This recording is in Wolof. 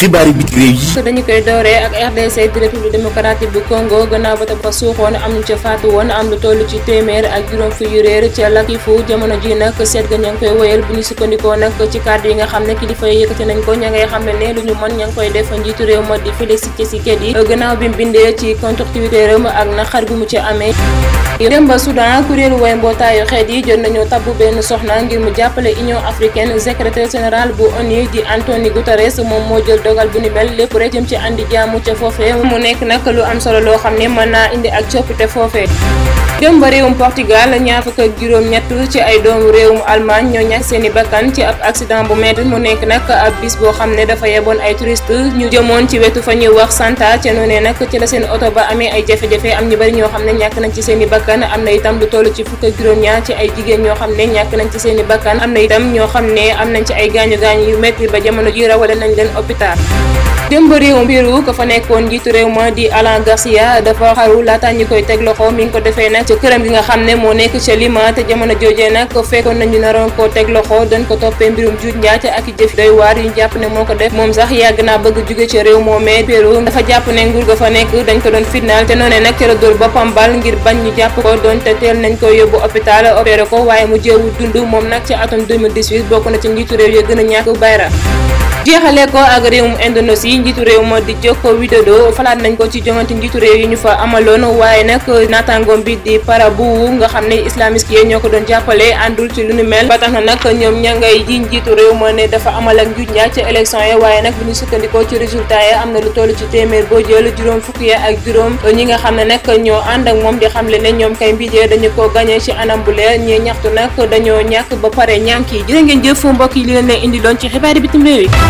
xibaari biti réew yi. dañu koy dooree ak RDC di république démocratique bu Congo gannaaw ba tam ba suuxoon am lu ca faatu bu ñu di Félix Tshisekedi gannaaw bi mu bindee am xeet yi jot nañoo tabbu benn soxna ngir mu jàppale Union africaine secrétaire général bu ONU di Antonio Guterres moom moo jël dogal bu ni lépp rek jëm ci andi jaamu ca foofee mu nekk nag lu am solo loo xam ne mën naa indi ak coppite foofee démb réewum Portugal ñaar fukk ak juróom-ñett ci ay doomu réewum Allemagne ñoo ñàkk seen bakkan ci ab accident bu metti mu nekk nag ab bis boo xam ne dafa yeboon ay touriste ñu jëmoon ci wetu fa ñuy wax Santa ca noonee nag ci la seen oto ba amee ay jafe-jafe am ñu bari ñoo xam ne ñàkk nañ ci seen i bakkan am na itam lu toll ci fukk ak juróom-ñaar ci ay jigéen ñoo xam ne ñàkk nañ ci seen bakkan am na itam ñoo xam ne am nañ ci ay gaañu gaañu yu metti ba jamono ji rawale nañ leen démb réew mbiru ko fa nekkoon njiitu réew ma di Alan Garcia dafa xaru laata ñi koy teg loxo mi ngi ko defee nag ca këram gi nga xam ne moo nekk ca Lima te jamono joojee nag fekkoon nañu naroon koo teg loxo dañ ko toppee mbirum juut njaate ak jëf doy waar yi ñu jàpp ne moo ko def moom sax yàgg naa bëgg jóge ca réew moomee Pérou dafa jàpp ne nguur ga fa nekk dañ ko doon fitnaal te noonee nag ca la dóor boppam bal ngir bañ ñu jàpp ko doon te teel nañ ko yóbbu hôpital opéré ko waaye mu jéewu dund moom nag ca atum 2018 bokk na ci njiitu réew ya gën a ñàkk bayra jeexalee ko ak réewum Indonésie njiitu réew ma di Joko Widodo falaat nañ ko ci jongante njiitu réew yi ñu fa amaloon waaye nag naataangoom bi di Prabowo nga xam ne islamiste yi ñoo ko doon jàppale àndul ci lu nu mel ba tax na nag ñoom ña ngay ji njiitu réew ma ne dafa amal ak njuuj njaaj ca élection yi waaye nag bu ñu sukkandikoo ci résultat yi am na lu toll ci téeméer boo jël juróom fukki ya ak juróom ñi nga xam ne nag ñoo ànd ak moom di xamle ne ñoom kay mbijee dañu ko gagné ci anam bu leer ñi ñaxtu nag dañoo ñàkk ba pare ñànk yi jërë ngeen jëf mbokk yi li leen indi loon ci xibaari bitim réew yi